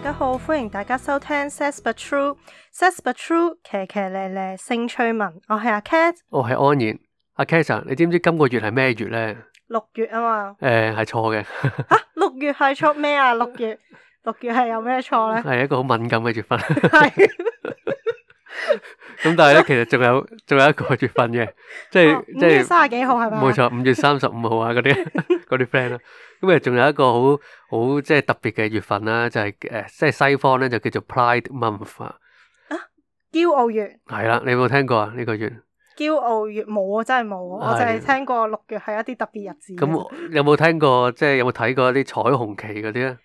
大家好，歡迎大家收聽 Says But True，Says But True 騎騎咧咧，性趣聞。我係阿 Cat，我係安然。阿 Cat 啊，你知唔知今個月係咩月呢？六月啊嘛，誒係、呃、錯嘅，吓，六月係錯咩啊？六月呀六月係 有咩錯呢？係一個好敏感嘅月份。 咁 但係咧，其實仲有仲有一個月份嘅，即係即係五月三十幾號係咪？冇錯，五月三十五號啊，嗰啲嗰啲 friend 咯。咁啊，仲有一個好好即係特別嘅月份啦，就係誒，即係西方咧就叫做 Pride Month 啊，驕傲月。係啦，你有冇聽過啊？呢個月驕傲月？冇啊，真係冇，我淨係聽過六月係一啲特別日子。咁 有冇聽過？即係有冇睇過一啲彩虹旗嗰啲咧？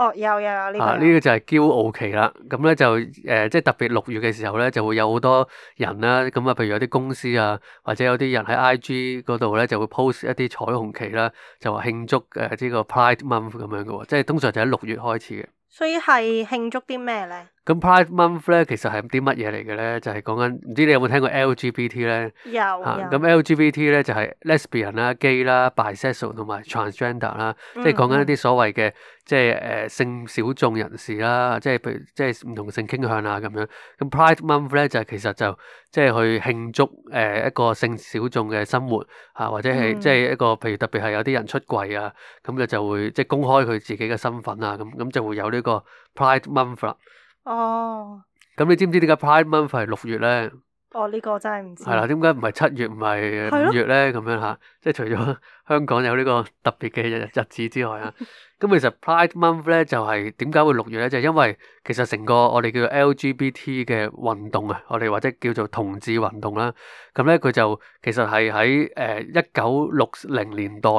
哦，有有有呢個，呢、啊，這個就係驕傲期啦。咁咧就誒、呃，即係特別六月嘅時候咧，就會有好多人啦。咁啊，譬如有啲公司啊，或者有啲人喺 IG 嗰度咧，就會 post 一啲彩虹旗啦，就話慶祝誒呢、呃這個 Pride Month 咁樣嘅喎、哦。即係通常就喺六月開始嘅。所以係慶祝啲咩咧？咁 Pride Month 咧，其實係啲乜嘢嚟嘅咧？就係、是、講緊唔知你有冇聽過 LGBT 咧？有。咁、啊、LGBT 咧就係、是、Lesbian 啦、gay 啦、bisexual 同埋 transgender 啦、啊，即係講緊一啲所謂嘅即係誒、呃、性小眾人士啦、啊，即係譬如即係唔同性傾向啊咁樣。咁 Pride Month 咧就其實就即係去慶祝誒、呃、一個性小眾嘅生活嚇、啊，或者係、嗯、即係一個譬如特別係有啲人出櫃啊，咁佢就會即係公開佢自己嘅身份啊，咁咁就會有呢個 Pride Month 啦、啊。哦，咁你知唔知點解 Prime Month 係六月咧？哦，這個、我呢個真係唔知係啦，點解唔係七月唔係五月咧？咁樣吓，即係除咗。香港有呢個特別嘅日子之外啊，咁 其實 Pride Month 咧就係點解會六月咧？就係、因為其實成個我哋叫做 LGBT 嘅運動啊，我哋或者叫做同志運動啦，咁咧佢就其實係喺誒一九六零年代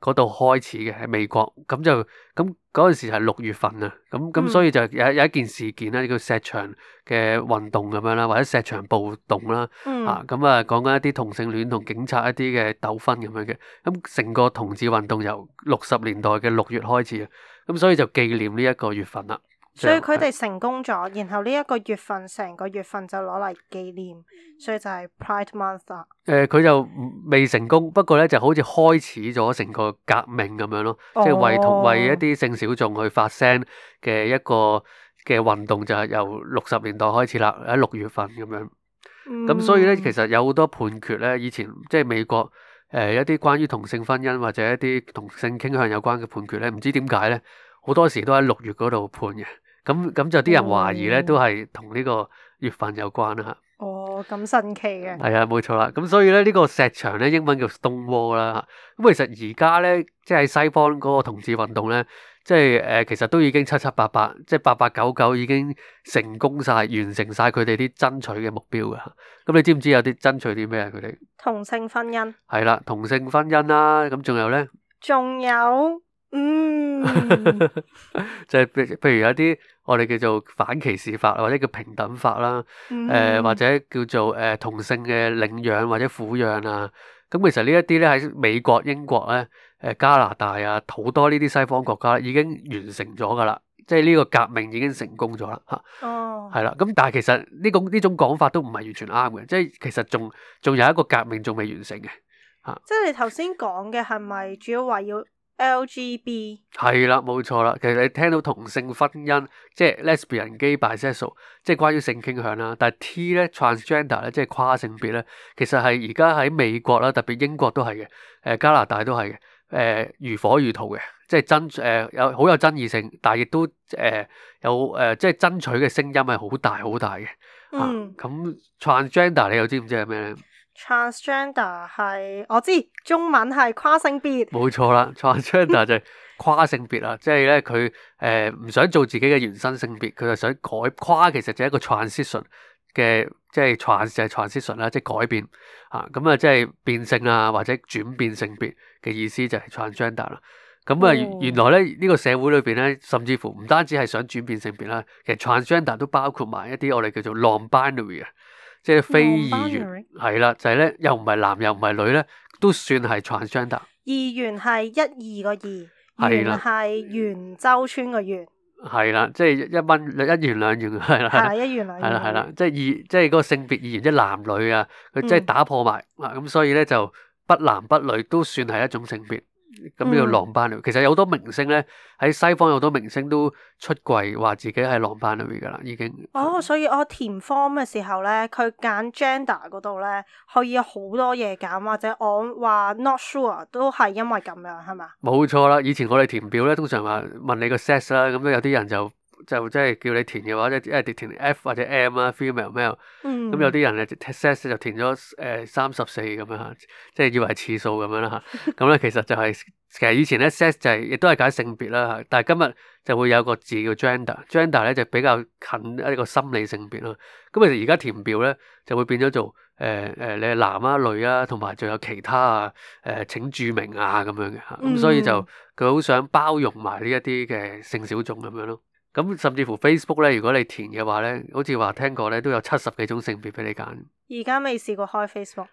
嗰度開始嘅，喺美國，咁就咁嗰陣時係六月份啊，咁咁所以就有有一件事件咧叫石牆嘅運動咁樣啦，或者石牆暴動啦，嗯、啊咁啊講緊一啲同性戀同警察一啲嘅鬥紛咁樣嘅，咁。成個同志運動由六十年代嘅六月開始啊，咁所以就紀念呢一個月份啦。所以佢哋成功咗，是然後呢一個月份成個月份就攞嚟紀念，所以就係 Pride Month 啦。誒、呃，佢就未成功，不過咧就好似開始咗成個革命咁樣咯，哦、即係為同為一啲性小眾去發聲嘅一個嘅運動，就係由六十年代開始啦，喺六月份咁樣。咁、嗯、所以咧，其實有好多判決咧，以前即係美國。誒、呃、一啲關於同性婚姻或者一啲同性傾向有關嘅判決咧，唔知點解咧，好多時都喺六月嗰度判嘅。咁咁就啲人懷疑咧，嗯、都係同呢個月份有關啦嚇。哦，咁神奇嘅。係啊，冇錯啦。咁所以咧，呢、這個石牆咧，英文叫 Stone Wall 啦。咁、嗯、其實而家咧，即係西方嗰個同志運動咧。即係誒、呃，其實都已經七七八八，即係八八九九已經成功晒，完成晒佢哋啲爭取嘅目標噶。咁你知唔知有啲爭取啲咩啊？佢哋同性婚姻係啦，同性婚姻啦、啊，咁仲有咧？仲有，嗯，即係譬譬如有啲我哋叫做反歧視法或者叫平等法啦，誒、嗯呃、或者叫做誒、呃、同性嘅領養或者撫養啊。咁其實一呢一啲咧喺美國、英國咧。加拿大啊、好多呢啲西方國家已經完成咗㗎啦，即係呢個革命已經成功咗啦嚇。哦、oh.，係啦，咁但係其實呢個呢種講法都唔係完全啱嘅，即係其實仲仲有一個革命仲未完成嘅嚇。即係你頭先講嘅係咪主要圍繞 LGB？係啦，冇錯啦。其實你聽到同性婚姻，即係 lesbian、gay、bisexual，即係關於性傾向啦。但係 T 咧、transgender 咧，即係跨性別咧，其實係而家喺美國啦，特別英國都係嘅，誒加拿大都係嘅。誒、呃、如火如荼嘅，即係真誒有好有爭議性，但係亦都誒、呃、有誒、呃、即係爭取嘅聲音係好大好大嘅。咁、嗯啊、transgender 你又知唔知係咩咧？transgender 係我知中文係跨性別。冇錯啦，transgender 就係跨性別啦，即係咧佢誒唔想做自己嘅原生性別，佢就想改跨，其實就係一個 transition 嘅。即係 trans 就係 transmission 啦，即係改變，吓咁啊，即係變性啊，或者轉變性別嘅意思就係 transgender 啦。咁啊，原來咧呢、這個社會裏邊咧，甚至乎唔單止係想轉變性別啦，其實 transgender 都包括埋一啲我哋叫做 non-binary 啊，即係非二元。係啦 Long binary?，就係、是、咧，又唔係男又唔係女咧，都算係 transgender。二元係一二個二，二元係元州村個元。係啦，即係一蚊一元兩元，係啦，係啦、嗯，係啦，即係二，即係嗰個性別二元，即係男女啊，佢即係打破埋啊，咁、嗯、所以咧就不男不女都算係一種性別。咁呢個浪班嚟，嗯、其實有好多明星咧喺西方，有好多明星都出櫃，話自己喺浪班裏面噶啦，已經。哦，所以我填 form 嘅時候咧，佢揀 gender 嗰度咧，可以好多嘢揀，或者我話 not sure 都係因為咁樣，係嘛？冇錯啦，以前我哋填表咧，通常話問你個 sex 啦，咁咧有啲人就。就即係叫你填嘅話，即係填 F 或者 M 啦，female male、嗯嗯。咁有啲人誒 sex 就填咗誒三十四咁樣，即係以為係次數咁樣啦嚇。咁咧其實就係、是、其實以前咧 sex 就係、是、亦都係解性別啦嚇，但係今日就會有個字叫 gender，gender 咧 就比較近一個心理性別咯。咁其實而家填表咧就會變咗做誒誒你係男啊女啊，同埋仲有其他啊誒、呃、請注明啊咁樣嘅嚇。咁所以就佢好想包容埋呢一啲嘅性小眾咁樣咯。嗯咁甚至乎 Facebook 咧，如果你填嘅話咧，好似話聽過咧，都有七十幾種性別俾你揀。而家未試過開 Facebook，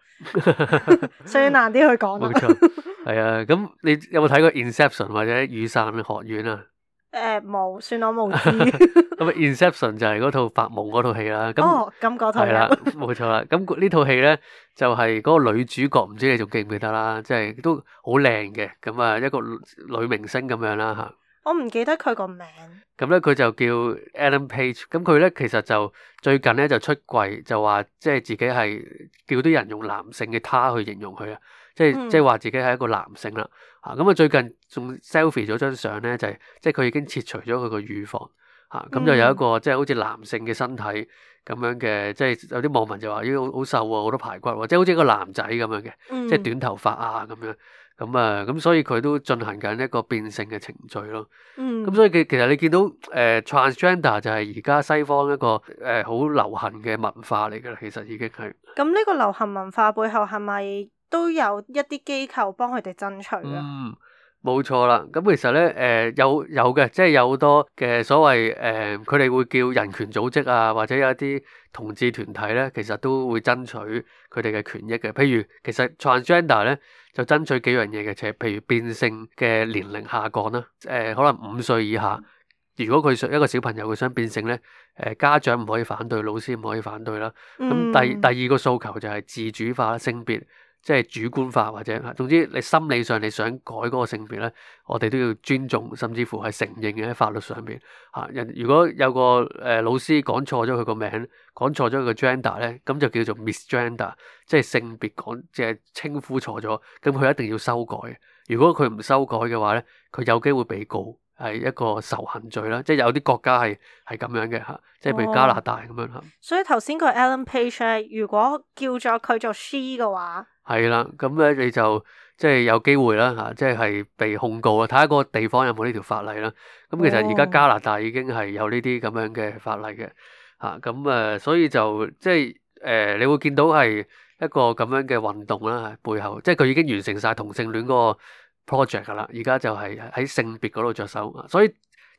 所以難啲去講。冇錯，係 啊。咁你有冇睇過 Inception 或者雨傘學院啊？誒、呃，冇，算我冇知。咁 Inception 就係嗰套發夢嗰套戲啦。哦，咁嗰套係啦、啊，冇錯啦。咁呢套戲咧，就係、是、嗰個女主角，唔知你仲記唔記得啦？即係都好靚嘅，咁啊一個女明一個女明星咁樣啦吓。我唔記得佢個名。咁咧，佢就叫 Ellen Page。咁佢咧，其實就最近咧就出櫃就，就話即係自己係叫啲人用男性嘅他去形容佢啊。嗯、即係即係話自己係一個男性啦。啊，咁啊，最近仲 selfie 咗張相咧，就係即係佢已經切除咗佢個乳房。嚇、啊，咁就有一個、嗯、即係好似男性嘅身體咁樣嘅，即係有啲網民就話咦，好好瘦喎，好多排骨喎，即係好似一個男仔咁樣嘅，嗯、即係短頭髮啊咁樣。咁啊，咁所以佢都進行緊一個變性嘅程序咯。嗯，咁所以佢其實你見到誒、呃、transgender 就係而家西方一個誒好、呃、流行嘅文化嚟㗎啦，其實已經係。咁呢個流行文化背後係咪都有一啲機構幫佢哋爭取啊？嗯。冇錯啦，咁其實咧，誒有有嘅，即係有好多嘅所謂誒，佢哋會叫人權組織啊，或者有一啲同志團體咧，其實都會爭取佢哋嘅權益嘅。譬如其實 transgender 咧，就爭取幾樣嘢嘅，就係譬如變性嘅年齡下降啦，誒、呃、可能五歲以下，如果佢想一個小朋友佢想變性咧，誒、呃、家長唔可以反對，老師唔可以反對啦。咁第第二個訴求就係自主化性別。即係主觀化或者，總之你心理上你想改嗰個性別咧，我哋都要尊重，甚至乎係承認嘅喺法律上邊嚇。人如果有個誒、呃、老師講錯咗佢個名，講錯咗佢個 gender 咧，咁就叫做 misgender，即係性別講即係稱呼錯咗，咁佢一定要修改。如果佢唔修改嘅話咧，佢有機會被告係一個仇恨罪啦，即係有啲國家係係咁樣嘅嚇，即係、哦、譬如加拿大咁樣嚇。所以頭先個 Alan Page 咧，如果叫咗佢做 she 嘅話，係啦，咁咧你就即係有機會啦，嚇，即係被控告啦。睇下個地方有冇呢條法例啦。咁其實而家加拿大已經係有呢啲咁樣嘅法例嘅，嚇咁誒，所以就即係誒、呃，你會見到係一個咁樣嘅運動啦，喺背後即係佢已經完成晒同性戀個 project 啦，而家就係喺性別嗰度着手。所以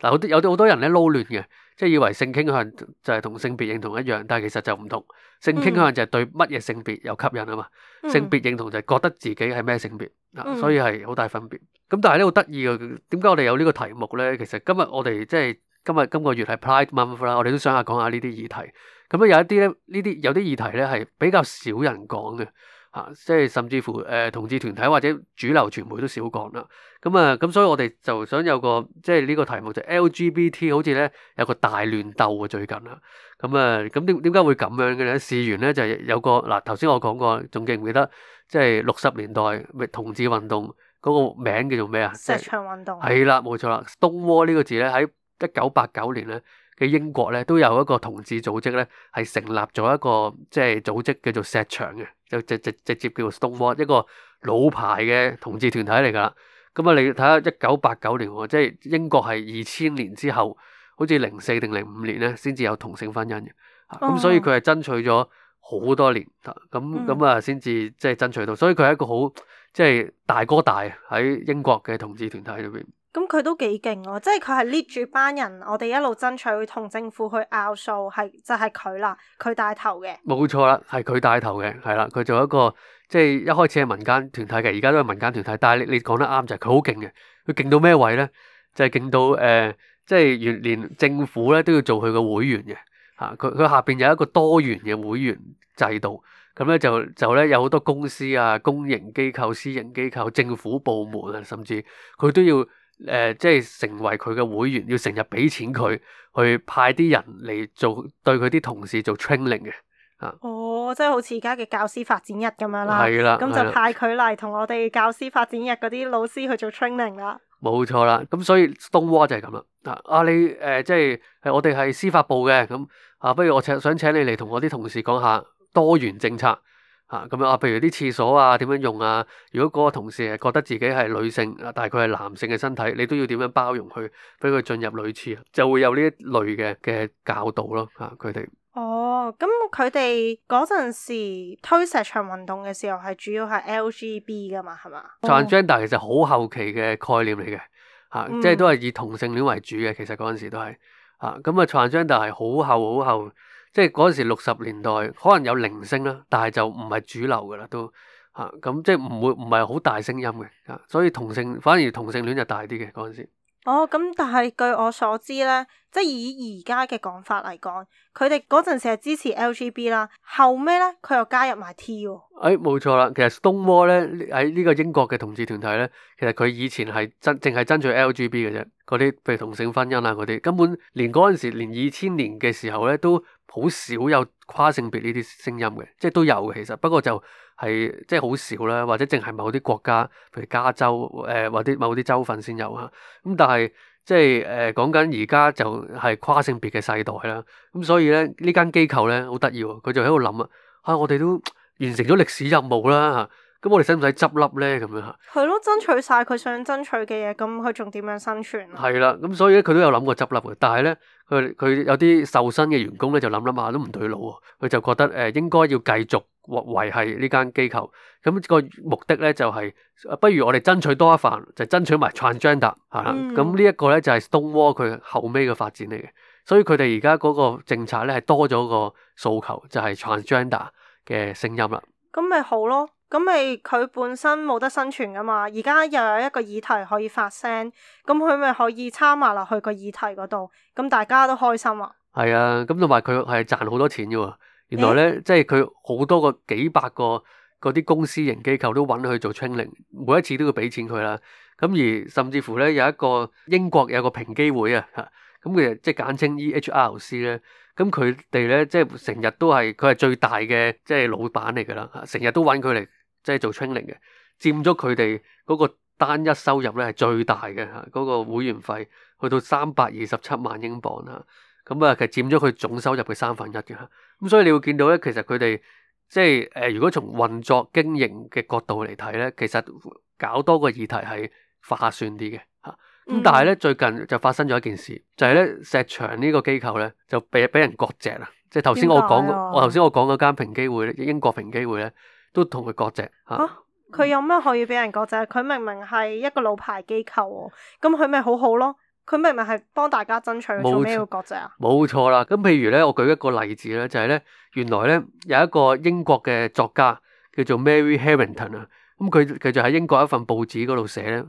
嗱，有啲有啲好多人咧撈亂嘅。即係以為性傾向就係同性別認同一樣，但係其實就唔同。性傾向就係對乜嘢性別有吸引啊嘛？嗯、性別認同就係覺得自己係咩性別、嗯啊，所以係好大分別。咁但係咧好得意嘅，點解我哋有呢個題目咧？其實今日我哋即係今日今、今個月係 Pride Month 啦，我哋都想下講下呢啲議題。咁咧有一啲咧呢啲有啲議題咧係比較少人講嘅。嚇，即係甚至乎誒同志團體或者主流傳媒都少講啦。咁啊，咁所以我哋就想有個即係呢個題目就 LGBT，好似咧有個大亂鬥啊，最近啊，咁啊咁點點解會咁樣嘅咧？事緣咧就係有個嗱，頭先我講過，仲記唔記得即係六十年代咪同志運動嗰個名叫做咩啊？石牆運動係啦，冇錯啦。Stonewall 呢個字咧喺一九八九年咧嘅英國咧都有一個同志組織咧係成立咗一個即係組織叫做石牆嘅。就直直直接叫 Stonewall，一個老牌嘅同志團體嚟㗎啦。咁啊，你睇下一九八九年，即係英國係二千年之後，好似零四定零五年咧，先至有同性婚姻嘅。咁、oh。嗯、所以佢係爭取咗好多年，咁咁啊，先至即係爭取到。所以佢係一個好即係大哥大喺英國嘅同志團體裏邊。咁佢都幾勁咯，即係佢係 lead 住班人，我哋一路爭取去同政府去拗數，係就係佢啦，佢帶頭嘅。冇錯啦，係佢帶頭嘅，係啦，佢做一個即係、就是、一開始係民間團體嘅，而家都係民間團體。但係你你講得啱就係佢好勁嘅，佢勁到咩位呢？就係、是、勁到誒，即、呃、係、就是、連政府咧都要做佢個會員嘅吓，佢、啊、佢下邊有一個多元嘅會員制度，咁咧就就咧有好多公司啊、公營機構、私營機構、政府部門啊，甚至佢都要。誒、呃，即係成為佢嘅會員，要成日俾錢佢去派啲人嚟做對佢啲同事做 training 嘅啊！哦，即係好似而家嘅教師發展日咁樣啦，係啦了，咁就派佢嚟同我哋教師發展日嗰啲老師去做 training 啦。冇錯啦，咁所以 Stonewall 就係咁啦。啊，你誒、呃，即係我哋係司法部嘅，咁啊，不如我請想請你嚟同我啲同事講下多元政策。啊，咁啊，譬如啲廁所啊，點樣用啊？如果嗰個同事係覺得自己係女性，但係佢係男性嘅身體，你都要點樣包容佢，俾佢進入女廁啊？就會有呢一類嘅嘅教導咯，嚇佢哋。哦，咁佢哋嗰陣時推石牆運動嘅時候係主要係 LGB 噶嘛，係嘛？Transgender 其實好後期嘅概念嚟嘅，嚇，即係都係以同性戀為主嘅。其實嗰陣時都係，嚇咁啊，transgender 係好後好後。即係嗰陣時六十年代，可能有零星啦，但係就唔係主流噶啦，都嚇咁、啊、即係唔會唔係好大聲音嘅嚇，所以同性反而同性戀就大啲嘅嗰陣時。哦，咁但係據我所知咧，即係以而家嘅講法嚟講，佢哋嗰陣時係支持 LGB 啦，後尾咧佢又加入埋 T 喎、哎。誒，冇錯啦，其實 Stonewall 咧喺呢個英國嘅同志團體咧，其實佢以前係真淨係爭取 LGB 嘅啫，嗰啲譬如同性婚姻啊嗰啲，根本連嗰陣時連二千年嘅時候咧都。好少有跨性別呢啲聲音嘅，即係都有嘅。其實，不過就係即係好少啦，或者淨係某啲國家，譬如加州，誒、呃、或者某啲州份先有嚇。咁但係即係誒講緊而家就係跨性別嘅世代啦。咁所以咧呢間機構咧好得意喎，佢就喺度諗啊，嚇我哋都完成咗歷史任務啦。咁我哋使唔使執笠咧？咁樣吓，係咯，爭取晒佢想爭取嘅嘢，咁佢仲點樣生存啊？係啦，咁所以咧，佢都有諗過執笠嘅，但係咧，佢佢有啲受薪嘅員工咧，就諗諗下都唔對路喎，佢就覺得誒，應該要繼續維繫呢間機構，咁個目的咧就係，不如我哋爭取多一份，就爭取埋 transgender 吓，咁呢一個咧就係 Stonewall 佢後屘嘅發展嚟嘅，所以佢哋而家嗰個政策咧係多咗個訴求，就係 transgender 嘅聲音啦。咁咪好咯。咁咪佢本身冇得生存噶嘛？而家又有一個議題可以發聲，咁佢咪可以參埋落去個議題嗰度，咁大家都開心啊！係啊，咁同埋佢係賺好多錢嘅喎。原來咧，欸、即係佢好多個幾百個嗰啲公司型機構都揾佢做 training，每一次都要俾錢佢啦。咁而甚至乎咧，有一個英國有個平機會啊，咁其實即係簡稱 EHRC 咧。咁佢哋咧即係成日都係佢係最大嘅即係老闆嚟㗎啦，成日都揾佢嚟。即係做 training 嘅，佔咗佢哋嗰個單一收入咧係最大嘅嚇，嗰、那個會員費去到三百二十七萬英鎊啊，咁、嗯、啊其實佔咗佢總收入嘅三分一嘅、啊。咁所以你會見到咧，其實佢哋即係誒、呃，如果從運作經營嘅角度嚟睇咧，其實搞多個議題係划算啲嘅嚇。咁、啊、但係咧最近就發生咗一件事，就係、是、咧石牆呢個機構咧就被俾人割蓆啊，即係頭先我講，我頭先我講嗰間平機會英國平機會咧。都同佢割席，吓、啊、佢、啊、有咩可以俾人割席？佢、嗯、明明係一個老牌機構、哦，咁佢咪好好咯？佢明明係幫大家爭取冇錯，做咩要割席啊？冇錯啦，咁譬如咧，我舉一個例子咧，就係咧，原來咧有一個英國嘅作家叫做 Mary Harrington 啊，咁佢佢就喺英國一份報紙嗰度寫咧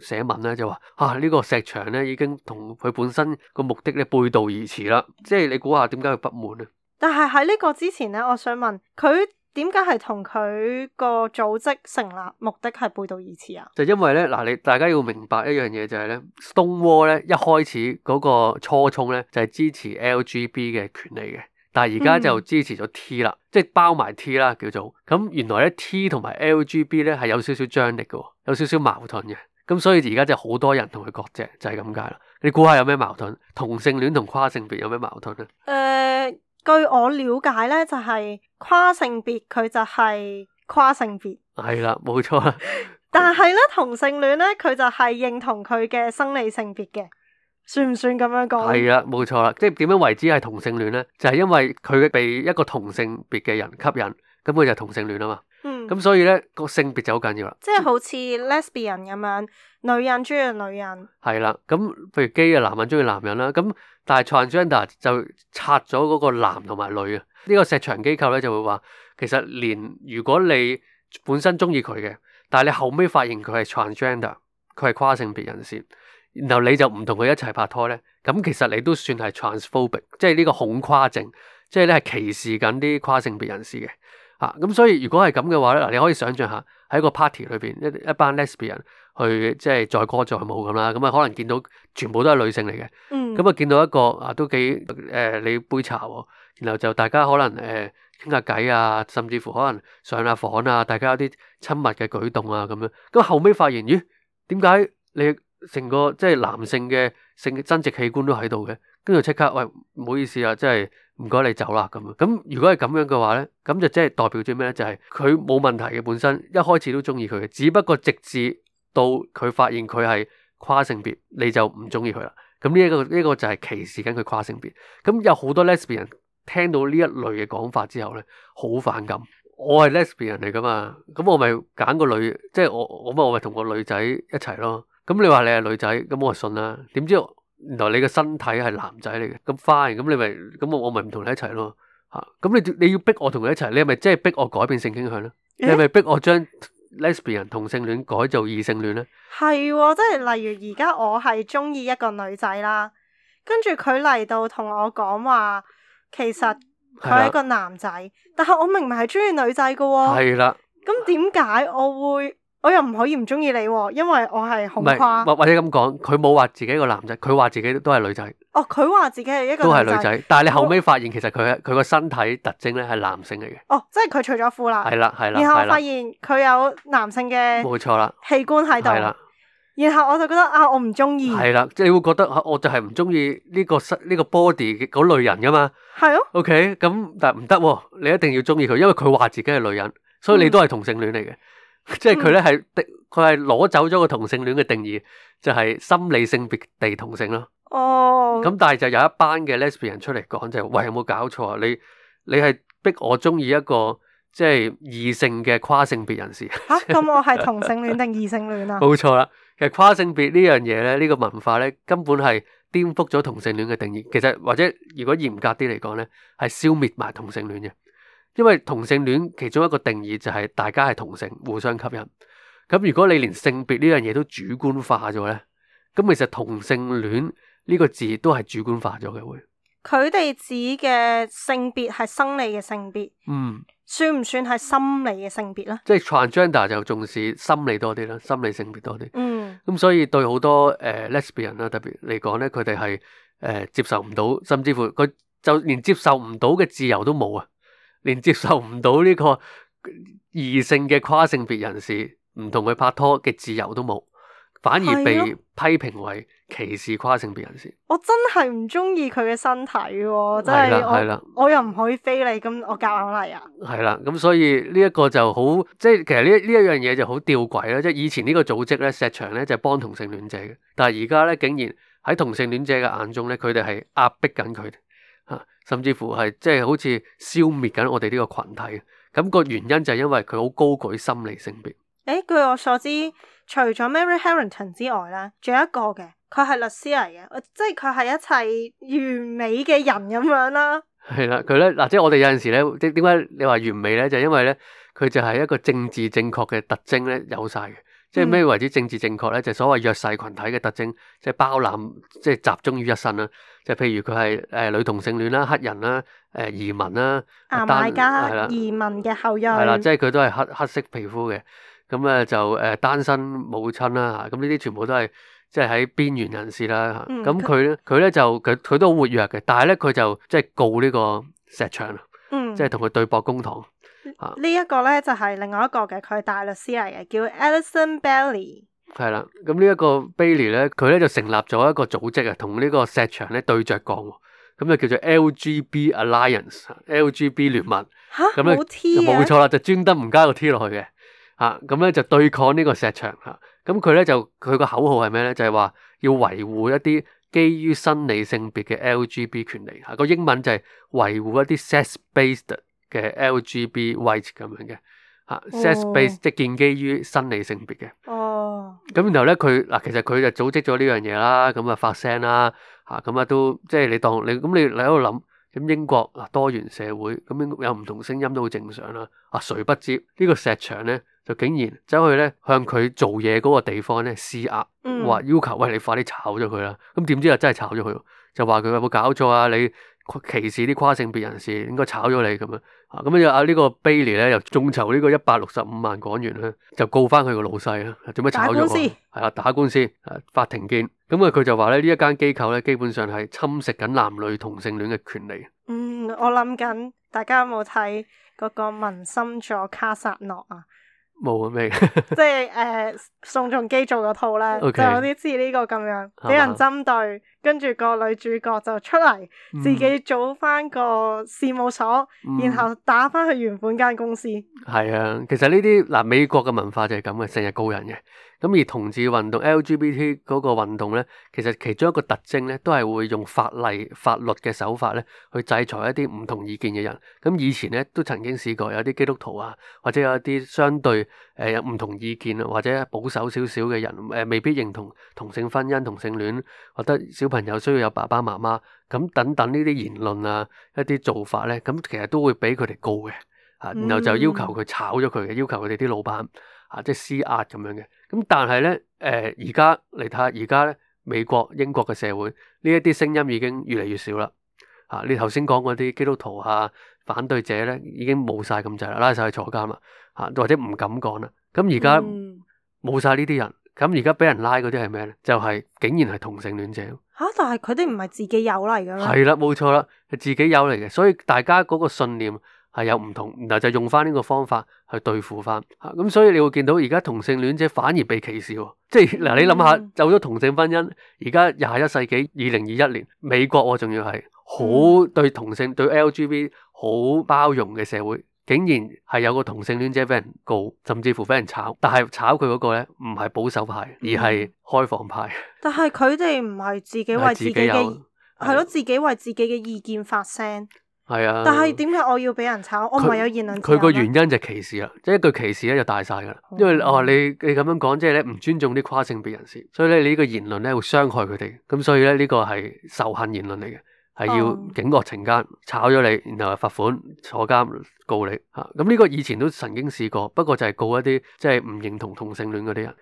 寫文咧就話，吓、啊、呢、這個石牆咧已經同佢本身個目的咧背道而馳啦，即係你估下點解佢不滿啊？但係喺呢個之前咧，我想問佢。點解係同佢個組織成立目的係背道而馳啊？就因為咧，嗱，你大家要明白一樣嘢就係咧，Stonewall 咧一開始嗰個初衷咧就係支持 LGB 嘅權利嘅，但係而家就支持咗 T 啦，嗯、即係包埋 T 啦，叫做咁。原來咧 T 同埋 LGB 咧係有少少張力嘅，有少少矛盾嘅。咁所以而家就好多人同佢割蓆，就係咁解啦。你估下有咩矛盾？同性戀同跨性別有咩矛盾啊？誒、呃，據我了解咧，就係、是。跨性別佢就係跨性別，係啦，冇錯啦。 但係咧同性戀咧佢就係認同佢嘅生理性別嘅，算唔算咁樣講？係啦，冇錯啦，即係點樣為之係同性戀咧？就係因為佢被一個同性別嘅人吸引，咁佢就同性戀啊嘛。咁所以咧，個性別就好緊要啦，即係好似 lesbian 咁樣，女人中意女人，係啦、嗯。咁譬如基嘅男人中意男人啦。咁但係 transgender 就拆咗嗰個男同埋女啊。呢、這個石牆機構咧就會話，其實連如果你本身中意佢嘅，但係你後尾發現佢係 transgender，佢係跨性別人士，然後你就唔同佢一齊拍拖咧，咁其實你都算係 transphobic，即係呢個恐跨症，即係咧係歧視緊啲跨性別人士嘅。咁、啊、所以如果係咁嘅話咧，嗱，你可以想象下喺個 party 裏邊，一一班 lesbian 去即係載歌載舞咁啦，咁啊可能見到全部都係女性嚟嘅，咁啊見到一個啊都幾誒、呃，你杯茶、啊，然後就大家可能誒傾下偈啊，甚至乎可能上下、啊、房啊，大家有啲親密嘅舉動啊咁樣，咁後尾發現咦，點解你成個即係男性嘅性生殖器官都喺度嘅？跟住即刻喂，唔好意思啊，即係。唔該你走啦，咁咁如果係咁樣嘅話呢，咁就即係代表咗咩呢？就係佢冇問題嘅本身，一開始都中意佢嘅，只不過直至到佢發現佢係跨性別，你就唔中意佢啦。咁呢一個呢個就係歧視緊佢跨性別。咁有好多 lesbian 人聽到呢一類嘅講法之後呢，好反感。我係 lesbian 嚟噶嘛，咁我咪揀個女，即係我我咪我咪同個女仔一齊咯。咁你話你係女仔，咁我就信啦。點知？原來你個身體係男仔嚟嘅，咁 fine，咁你咪咁我我咪唔同你一齊咯嚇。咁、啊、你你要逼我同佢一齊，你係咪真係逼我改變性傾向咧？欸、你係咪逼我將 lesbian 同性戀改做異性戀咧？係喎，即係例如而家我係中意一個女仔啦，跟住佢嚟到同我講話，其實佢係一個男仔，的但係我明明係中意女仔噶喎。係啦的。咁點解我會？我又唔可以唔中意你喎，因為我係恐跨，或者咁講，佢冇話自己一個男仔，佢話自己都係女仔。哦，佢話自己係一個都係女仔，但係你後尾發現其實佢佢個身體特徵咧係男性嚟嘅。哦，即係佢除咗褲係啦係啦，然後發現佢有男性嘅冇錯啦器官喺度。係啦，然後我就覺得啊，我唔中意係啦，即係你會覺得我就係唔中意呢個身呢個 body 嗰類人噶嘛。係咯的。O K，咁但係唔得喎，你一定要中意佢，因為佢話自己係女人，所以你都係同性戀嚟嘅。嗯。即係佢咧係的，佢係攞走咗個同性戀嘅定義，就係、是、心理性別地同性咯。哦，咁但係就有一班嘅 lesbian 出嚟講，就係、喂有冇搞錯啊？你你係逼我中意一個即係異性嘅跨性別人士？吓、啊，咁我係同性戀定異性戀啊？冇錯啦，其實跨性別呢樣嘢咧，呢、這個文化咧根本係顛覆咗同性戀嘅定義。其實或者如果嚴格啲嚟講咧，係消滅埋同性戀嘅。因為同性戀其中一個定義就係大家係同性互相吸引。咁如果你連性別呢樣嘢都主觀化咗呢，咁其實同性戀呢個字都係主觀化咗嘅。會佢哋指嘅性別係生理嘅性別，嗯，算唔算係心理嘅性別呢？即係 transgender 就重視心理多啲啦，心理性別多啲。嗯，咁所以對好多誒 lesbian 啦，呃、lesbians，特別嚟講呢，佢哋係誒接受唔到，甚至乎佢就連接受唔到嘅自由都冇啊。連接受唔到呢個異性嘅跨性別人士唔同佢拍拖嘅自由都冇，反而被批評為歧視跨性別人士。我真係唔中意佢嘅身體喎，哦，即係我我又唔可以飛你，咁我夾下嚟啊？係啦，咁所以呢一個就好，即係其實呢呢一樣嘢就好吊詭啦。即係以前呢個組織咧，石牆咧就係、幫同性戀者嘅，但係而家咧竟然喺同性戀者嘅眼中咧，佢哋係壓迫緊佢。甚至乎係即係好似消滅緊我哋呢個群體，咁個原因就係因為佢好高舉心理性別。誒，據我所知，除咗 Mary Harrington 之外咧，仲有一個嘅，佢係律師嚟嘅，即係佢係一切完美嘅人咁樣啦。係啦，佢咧嗱，即係我哋有陣時咧，即點解你話完美咧？就係因為咧，佢就係一個政治正確嘅特徵咧，有晒嘅。即係咩為之政治正確咧？就係、所謂弱勢群體嘅特徵，即係包攬，即係集中於一身啦。就譬如佢係誒女同性戀啦、黑人啦、誒移民啦，啊、單、啊啊、移民嘅後裔。係啦，即係佢都係黑黑色皮膚嘅，咁咧就誒單身母親啦嚇。咁呢啲全部都係即係喺邊緣人士啦嚇。咁佢咧佢咧就佢佢都好活躍嘅，但係咧佢就即係、就係、告呢個石牆啦，嗯、即係同佢對簿公堂。呢一個咧就係另外一個嘅，佢係大律師嚟嘅，叫 Alison Bailey，係啦，咁呢一個 Bailey 咧，佢咧就成立咗一個組織啊，同呢個石牆咧對着幹，咁就叫做 LGB Alliance，LGB 聯盟、嗯。吓冇就沒 t 冇錯啦，就專登唔加個 t 落去嘅。啊，咁咧就對抗呢個石牆。吓、啊，咁佢咧就佢個口號係咩咧？就係、是、話要維護一啲基於生理性別嘅 LGB 權利。吓、啊，那個英文就係維護一啲 sex-based。嘅 LGB white，咁樣嘅，嚇 sex base 即係建基於生理性別嘅哦。咁然後咧，佢嗱，其實佢就組織咗呢樣嘢啦，咁啊發聲啦嚇，咁啊都即係你當你咁你喺度諗，咁英國多元社會咁有唔同聲音都好正常啦。啊誰不知呢、這個石牆咧就竟然走去咧向佢做嘢嗰個地方咧施壓話要求，喂、哎、你快啲炒咗佢啦。咁點知又真係炒咗佢。就話佢有冇搞錯啊？你歧視啲跨性別人士，應該炒咗你咁樣。啊，咁啊阿呢個 Billy 咧又眾籌呢個一百六十五萬港元啦，就告翻佢個老細啊。做咩炒咗？係啊，打官司，法庭見。咁啊，佢就話咧呢一間機構咧，基本上係侵蝕緊男女同性戀嘅權利。嗯，我諗緊大家有冇睇嗰個《文森佐卡薩諾》啊？冇啊什，咩 即係誒，宋仲基做嗰套咧，就有啲似呢個咁樣，俾人針對。跟住個女主角就出嚟，自己組翻個事務所，嗯、然後打翻去原本間公司。係啊，其實呢啲嗱美國嘅文化就係咁嘅，成日告人嘅。咁而同志運動 LGBT 嗰個運動咧，其實其中一個特徵呢，都係會用法例、法律嘅手法呢去制裁一啲唔同意見嘅人。咁以前呢，都曾經試過有啲基督徒啊，或者有一啲相對。誒，有唔、呃、同意見啊，或者保守少少嘅人，誒、呃，未必認同同性婚姻，同性戀，或者小朋友需要有爸爸媽媽，咁等等呢啲言論啊，一啲做法咧，咁其實都會俾佢哋告嘅，啊，然後就要求佢炒咗佢嘅，要求佢哋啲老闆，啊，即係施壓咁樣嘅。咁、啊、但係咧，誒、呃，而家你睇下，而家咧美國、英國嘅社會呢一啲聲音已經越嚟越少啦，啊，你頭先講嗰啲基督徒啊。反對者咧，已經冇晒咁滯啦，拉晒去坐監啦，嚇、或者唔敢講啦。咁而家冇晒呢啲人，咁而家俾人拉嗰啲係咩咧？就係、是、竟然係同性戀者嚇、啊，但係佢哋唔係自己有嚟嘅咯，係啦，冇錯啦，係自己有嚟嘅，所以大家嗰個信念。係有唔同，然後就用翻呢個方法去對付翻。咁、啊、所以你會見到而家同性戀者反而被歧視，即係嗱你諗下，有咗、嗯、同性婚姻，而家廿一世紀二零二一年，美國我仲要係好對同性、嗯、對 LGB 好包容嘅社會，竟然係有個同性戀者俾人告，甚至乎俾人炒。但係炒佢嗰個咧，唔係保守派，嗯、而係開放派。但係佢哋唔係自己為自己嘅，係咯，自己為自己嘅意見發聲。係啊，但係點解我要俾人炒？佢、我唔係有言論。佢個原因就歧視啦，即係一句歧視咧就大晒噶啦。因為哦、嗯啊，你你咁樣講，即係咧唔尊重啲跨性別人士，所以咧你呢個言論咧會傷害佢哋。咁所以咧呢個係仇恨言論嚟嘅，係要警惡、懲奸、炒咗你，然後係罰款、坐監、告你吓。咁、啊、呢個以前都曾經試過，不過就係告一啲即係唔認同同性戀嗰啲人。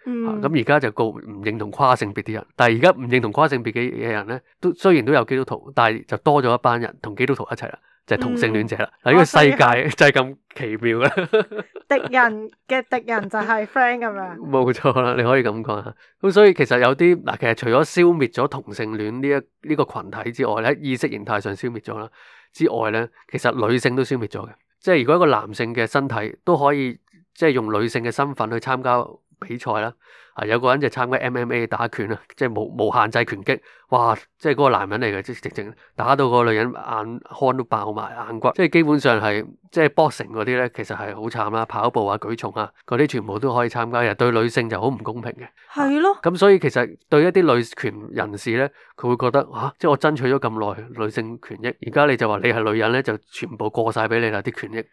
咁而家就告唔認同跨性別啲人，但係而家唔認同跨性別嘅人咧，都雖然都有基督徒，但係就多咗一班人同基督徒一齊啦。就係同性戀者啦！嗱、嗯，呢個世界就係咁奇妙啦、哦。 敵人嘅敵人就係 friend 咁樣，冇錯啦。你可以咁講吓。咁所以其實有啲嗱，其實除咗消滅咗同性戀呢一呢個群體之外咧，意識形態上消滅咗啦，之外咧，其實女性都消滅咗嘅。即係如果一個男性嘅身體都可以即係用女性嘅身份去參加比賽啦。啊，有個人就參加 MMA 打拳啊，即係無無限制拳擊，哇！即係個男人嚟嘅，即係直直打到個女人眼眶都爆埋眼骨，即係基本上係即係 boxing 嗰啲咧，其實係好慘啦。跑步啊、舉重啊嗰啲全部都可以參加，又對女性就好唔公平嘅。係、啊、咯。咁的所以其實對一啲女權人士咧，佢會覺得吓、啊，即係我爭取咗咁耐女性權益，而家你就話你係女人咧，就全部過晒俾你啦，啲權益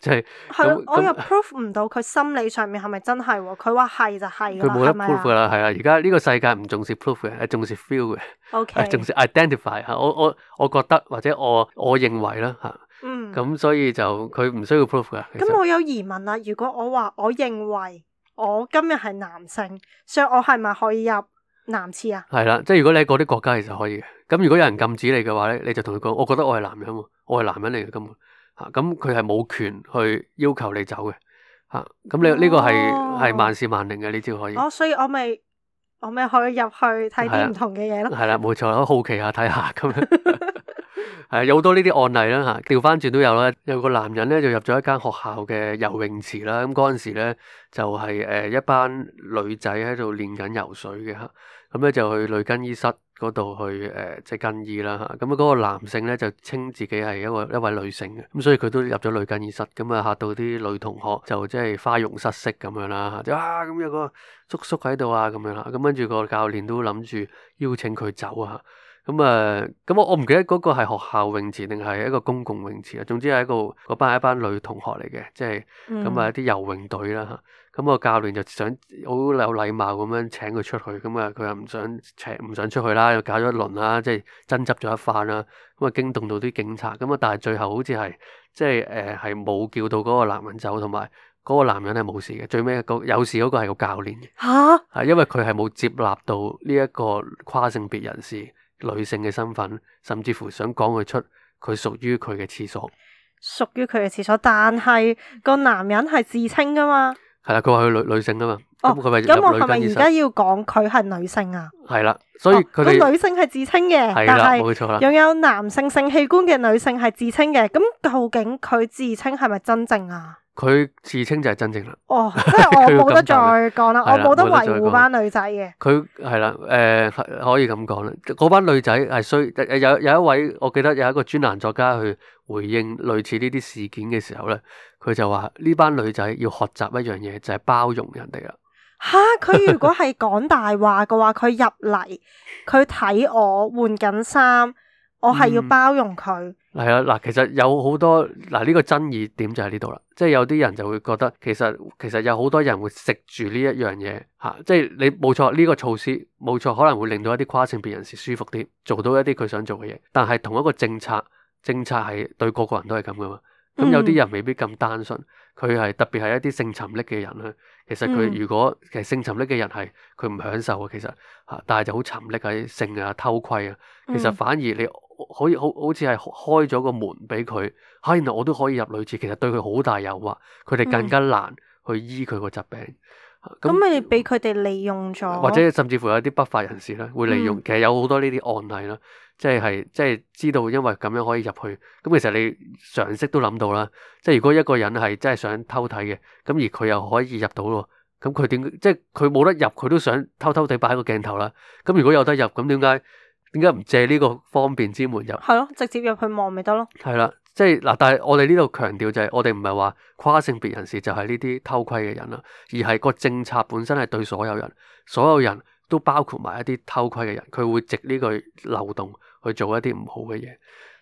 即係。係咯，我又 prove 唔到佢心理上面係咪真係？佢話係就係。冇得 proof 噶啦，係啊！而家呢個世界唔重視 proof 嘅，係重視 feel 嘅，係 Okay，重視 identify 吓。我我我覺得或者我我認為啦吓，咁、啊嗯、所以就佢唔需要 proof 噶。咁、嗯、我有疑問啦，如果我話我認為我今日係男性，所以我係咪可以入男廁啊？係啦，即係如果你喺嗰啲國家其實可以嘅。咁如果有人禁止你嘅話咧，你就同佢講，我覺得我係男人，男人啊，我係男人嚟嘅根本吓。咁佢係冇權去要求你走嘅。吓，咁、啊、你呢、這個係係、哦、萬事萬靈嘅呢招可以。哦，所以我咪我咪可以入去睇啲唔同嘅嘢咯。係啦，冇錯，我好奇下睇下咁樣， 係有好多呢啲案例啦吓，調翻轉都有啦。有個男人咧就入咗一間學校嘅游泳池啦，咁嗰陣時咧就係、是、誒一班女仔喺度練緊游水嘅吓，咁咧就去女更衣室。嗰度去誒，即係更衣啦嚇，咁啊嗰個男性咧就稱自己係一個一位女性嘅，咁所以佢都入咗女更衣室，咁啊嚇到啲女同學就即係花容失色咁樣啦，就啊咁有個叔叔喺度啊咁樣啦，咁跟住個教練都諗住邀請佢走啊。咁啊，咁、嗯、我我唔記得嗰個係學校泳池定係一個公共泳池啦。總之係一個嗰班一班女同學嚟嘅，即係咁啊，啲游泳隊啦。咁、個教練就想好有禮貌咁樣請佢出去，咁啊佢又唔想請唔想出去啦，又搞咗一輪啦，即係爭執咗一番啦，咁啊驚動到啲警察。咁啊，但係最後好似係即係誒係冇叫到嗰個男人走，同埋嗰個男人係冇事嘅。最尾個有事嗰個係個教練嚇，啊、因為佢係冇接納到呢一個跨性別人士。女性嘅身份，甚至乎想講佢出佢屬於佢嘅廁所，屬於佢嘅廁所。但係個男人係自稱噶嘛？係啦，佢話佢女女性噶嘛？咁咁、哦、我係咪而家要講佢係女性啊？係啦，所以佢個、哦、女性係自稱嘅，係啦冇錯啦。擁有男性性器官嘅女性係自稱嘅，咁究竟佢自稱係咪真正啊？佢自稱就係真正啦，哦，即係我冇得再講啦 了，我冇得維護班女仔嘅。佢係啦，誒、呃，可以咁講啦。嗰班女仔係衰，有，有一位我記得有一個專欄作家去回應類似呢啲事件嘅時候咧，佢就話呢班女仔要學習一樣嘢就係、是、包容人哋啦。吓？佢如果係講大話嘅話，佢入嚟佢睇我換緊衫。我係要包容佢。係、嗯、啊，嗱，其實有好多嗱，呢、這個爭議點就喺呢度啦。即、就、係、是、有啲人就會覺得其，其實其實有好多人會食住呢一樣嘢嚇。即係你冇錯，呢、這個措施冇錯，可能會令到一啲跨性別人士舒服啲，做到一啲佢想做嘅嘢。但係同一個政策，政策係對個個人都係咁噶嘛。咁、啊、有啲人未必咁單純，佢係特別係一啲性沉溺嘅人啦。其實佢如果、嗯、其實性沉溺嘅人係佢唔享受嘅，其實嚇、啊，但係就好沉溺喺性啊、偷窺啊。其實反而你。嗯可以好好似係開咗個門俾佢，吓，原來我都可以入裏邊，其實對佢好大誘惑，佢哋更加難去醫佢個疾病。咁你俾佢哋利用咗，或者甚至乎有啲不法人士咧，會利用，嗯、其實有好多呢啲案例啦，即係即係知道因為咁樣可以入去，咁其實你常識都諗到啦，即係如果一個人係真係想偷睇嘅，咁而佢又可以入到咯，咁佢點即係佢冇得入，佢都想偷偷哋擺喺個鏡頭啦。咁如果有得入，咁點解？點解唔借呢個方便之門入？係咯，直接入去望咪得咯？係啦，即係嗱，但係我哋呢度強調就係、是，我哋唔係話跨性別人士就係呢啲偷窺嘅人啦，而係個政策本身係對所有人，所有人都包括埋一啲偷窺嘅人，佢會藉呢個漏洞去做一啲唔好嘅嘢。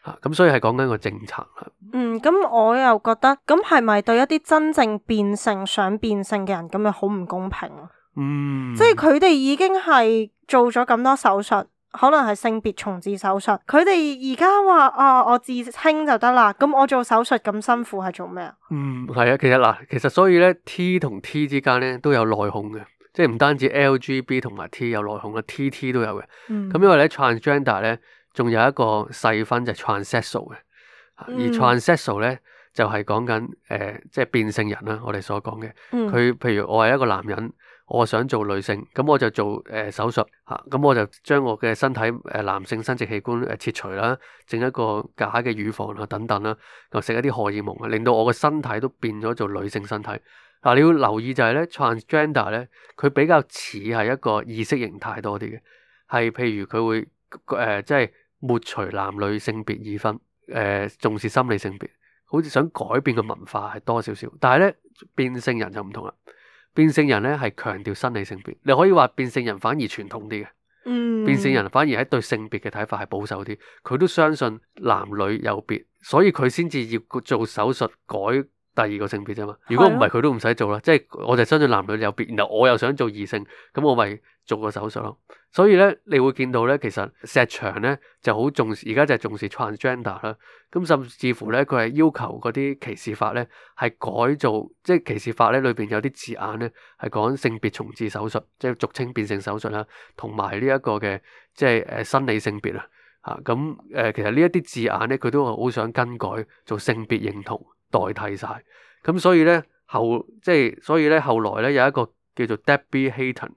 吓、啊、咁，所以係講緊個政策啦。嗯，咁我又覺得，咁係咪對一啲真正變性想變性嘅人咁咪好唔公平？嗯，即係佢哋已經係做咗咁多手術。可能係性別重置手術，佢哋而家話啊，我自稱就得啦，咁我做手術咁辛苦係做咩啊？嗯，係啊，其實嗱，其實所以咧，T 同 T 之間咧都有內訌嘅，即係唔單止 LGB 同埋 T 有內訌啦，TT 都有嘅。咁、嗯、因為咧，transgender 咧，仲有一個細分就係 transsexual 嘅 trans，而 transsexual 咧就係講緊誒，即係變性人啦，我哋所講嘅。佢譬如我係一個男人。我想做女性，咁我就做誒、呃、手術嚇，咁、啊、我就將我嘅身體誒、呃、男性生殖器官誒、呃、切除啦，整、啊、一個假嘅乳房啊等等啦、啊，又食一啲荷爾蒙啊，令到我嘅身體都變咗做女性身體。嗱，你要留意就係咧，transgender 咧，佢比較似係一個意識形態多啲嘅，係譬如佢會誒、呃、即係抹除男女性別二分，誒、呃、重視心理性別，好似想改變嘅文化係多少少，但係咧變性人就唔同啦。變性人呢係強調生理性別，你可以話變性人反而傳統啲嘅。變性人反而喺對性別嘅睇法係保守啲，佢都相信男女有別，所以佢先至要做手術改第二個性別啫嘛，如果唔係佢都唔使做啦，即係我就相信男女有別，然後我又想做異性，咁我咪做個手術咯。所以咧，你會見到咧，其實石牆咧就好重視，而家就係重視 transgender 啦。咁甚至乎咧，佢係要求嗰啲歧視法咧係改造，即係歧視法咧裏邊有啲字眼咧係講性別重置手術，即係俗稱變性手術啦，同埋呢一個嘅即係誒生理性別啊。嚇咁誒，其實呢一啲字眼咧，佢都好想更改做性別認同。代替晒，咁所以呢，後即係，所以呢，後來呢，有一個叫做 Debbie Hayton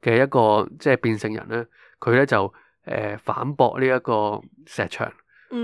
嘅一個即係變性人呢，佢呢就誒、呃、反駁呢一個石牆，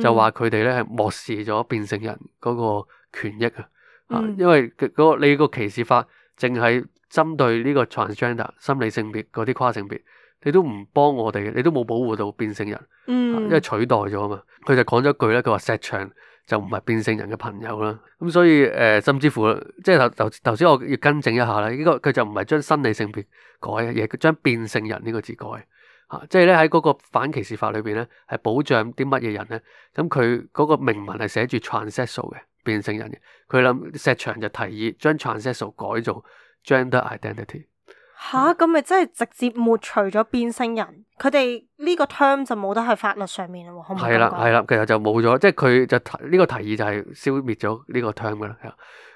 就話佢哋呢係漠視咗變性人嗰個權益啊，嗯、因為嗰你個歧視法淨係針對呢個 transgender 心理性別嗰啲跨性別，你都唔幫我哋，你都冇保護到變性人，嗯、因為取代咗嘛。佢就講咗一句呢，佢話石牆。就唔係變性人嘅朋友啦，咁、嗯、所以誒、呃，甚至乎即係頭頭頭先我要更正一下啦，呢個佢就唔係將生理性別改嘅嘢，而係將變性人呢個字改嚇、啊，即係咧喺嗰個反歧視法裏邊咧係保障啲乜嘢人咧？咁佢嗰個明文係寫住 transsexual 嘅變性人嘅，佢諗石牆就提議將 transsexual 改做 gender identity。吓，咁咪真係直接抹除咗變性人？佢哋呢個 term 就冇得喺法律上面咯，係啦係啦，其實就冇咗，即係佢就呢、這個提議就係消滅咗呢個 term 噶啦。係啊。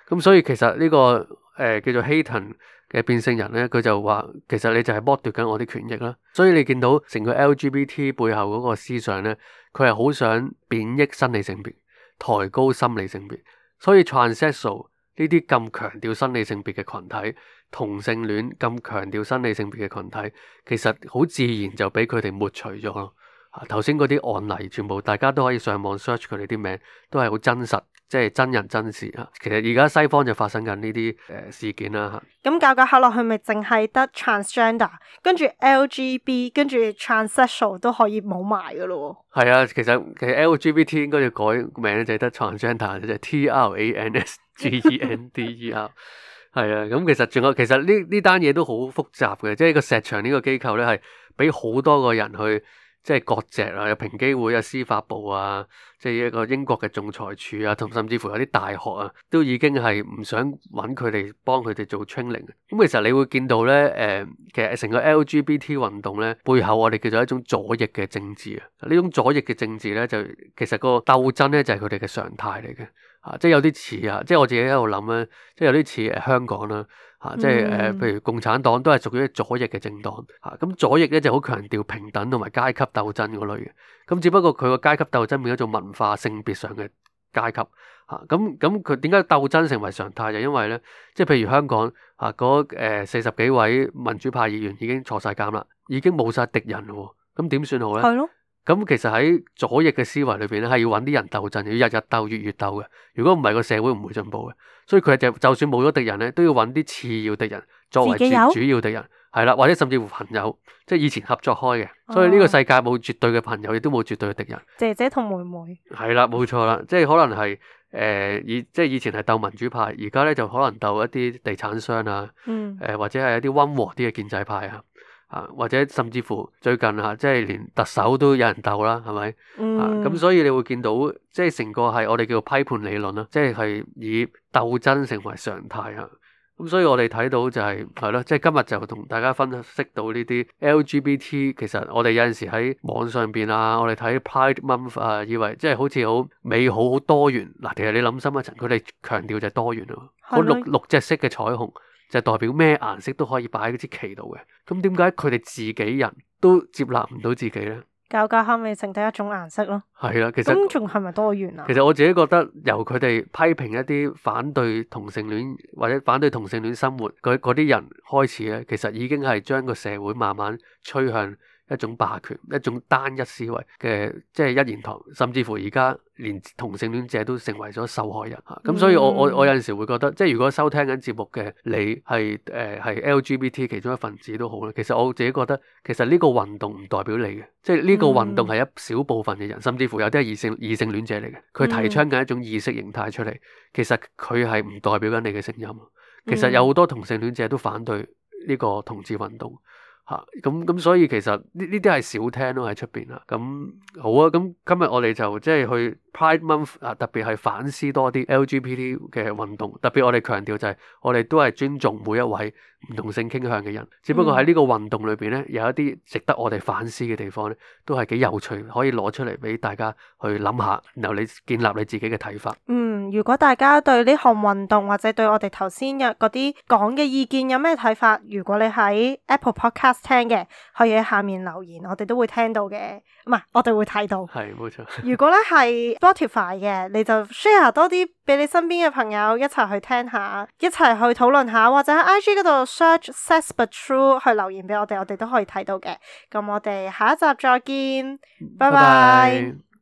咁所以其實呢、這個誒、呃、叫做 Hayton 嘅變性人咧，佢就話其實你就係剝奪緊我啲權益啦。所以你見到成個 LGBT 背後嗰個思想咧，佢係好想貶抑生理性別，抬高心理性別。所以 transsexual 呢啲咁強調生理性別嘅群體。同性戀咁強調生理性別嘅群體，其實好自然就俾佢哋抹除咗。頭先嗰啲案例，全部大家都可以上網 search 佢哋啲名，都係好真實，即係真人真事，啊。其實而家西方就發生緊呢啲誒事件啦。咁、啊嗯、搞，搞搞下落去，咪淨係得 transgender，跟住 LGB，跟住 transsexual 都可以冇埋噶咯。係啊，其實其實 LGBT 應該要改名，就係得 transgender，就係 T R A N S G E N D E R。 係啊，咁其實仲有，其實呢呢單嘢都好複雜嘅，即係個石牆呢個機構咧，係俾好多個人去即係割席啊，有平機會，啊、司法部啊，即係一個英國嘅仲裁處啊，同甚至乎有啲大學啊，都已經係唔想揾佢哋幫佢哋做 training。咁其實你會見到咧，誒、呃，其實成個 LGBT 運動咧，背後我哋叫做一種左翼嘅政治啊，呢種左翼嘅政治咧，就其實個鬥爭咧，就係佢哋嘅常態嚟嘅。啊，即係有啲似啊，即係我自己喺度諗咧，即係有啲似香港啦，嚇，即係誒，譬如共產黨都係屬於左翼嘅政黨，嚇，咁左翼咧就好強調平等同埋階級鬥爭嗰類嘅，咁只不過佢個階級鬥爭變咗做文化性別上嘅階級，嚇，咁咁佢點解鬥爭成為常態就因為咧，即係譬如香港嚇嗰四十幾位民主派議員已經坐晒監啦，已經冇晒敵人喎，咁點算好咧？係咯。咁其實喺左翼嘅思維裏邊咧，係要揾啲人鬥爭，要日日鬥、月月鬥嘅。如果唔係，個社會唔會進步嘅。所以佢就就算冇咗敵人咧，都要揾啲次要敵人作為主要敵人，係啦，或者甚至乎朋友，即係以前合作開嘅。哦、所以呢個世界冇絕對嘅朋友，亦都冇絕對嘅敵人。姐姐同妹妹係啦，冇錯啦，即係可能係誒以即係以前係鬥民主派，而家咧就可能鬥一啲地產商啊，誒、嗯、或者係一啲溫和啲嘅建制派啊。或者甚至乎最近嚇、啊，即係連特首都有人鬥啦，係咪？嗯。咁、啊、所以你會見到，即係成個係我哋叫做批判理論啦、啊，即係係以鬥爭成為常態啊。咁、嗯、所以我哋睇到就係係咯，即係今日就同大家分析到呢啲 LGBT，其實我哋有陣時喺網上邊啊，我哋睇 Pride Month 啊，以為即係好似好美好好多元嗱、啊，其實你諗深一層，佢哋強調就係多元咯、啊，的六六隻色嘅彩，彩虹。就代表咩顏色都可以擺喺嗰支旗度嘅，咁點解佢哋自己人都接納唔到自己呢？教教後尾咪剩低一種顏色咯。係啦，其實公眾係咪多元啊？其實我自己覺得，由佢哋批評一啲反對同性戀或者反對同性戀生活嗰啲人開始咧，其實已經係將個社會慢慢趨向。一種霸權，一種單一思維嘅，即係一言堂，甚至乎而家連同性戀者都成為咗受害人嚇。咁、嗯、所以我我我有陣時會覺得，即係如果收聽緊節目嘅你係誒係、呃、LGBT 其中一份子都好啦。其實我自己覺得，其實呢個運動唔代表你嘅，即係呢個運動係一小部分嘅人，甚至乎有啲係異性異性戀者嚟嘅。佢提倡緊一種意識形態出嚟，嗯、其實佢係唔代表緊你嘅聲音。其實有好多同性戀者都反對呢個同志運動。嚇，咁，咁所以其實呢，呢啲係少聽咯喺出邊啦。咁好啊，咁今日我哋就即係去 Pride Month 啊，特別係反思多啲 LGBT 嘅運動，特別我哋強調就係、是、我哋都係尊重每一位唔同性傾向嘅人，只不過喺呢個運動裏邊咧，有一啲值得我哋反思嘅地方咧，都係幾有趣，可以攞出嚟俾大家去諗下，然後你建立你自己嘅睇法。嗯，如果大家對呢項運動或者對我哋頭先嘅嗰啲講嘅意見有咩睇法，如果你喺 Apple Podcast 聽嘅可以喺下面留言，我哋都會聽到嘅，唔係我哋會睇到。係冇錯。如果咧係 Spotify 嘅，你就 share 多啲俾你身邊嘅朋友一齊去聽下，一齊去討論下，或者喺 IG 嗰度 search Sesper True 去留言俾我哋，我哋都可以睇到嘅。咁我哋下一集再見，拜拜。Bye bye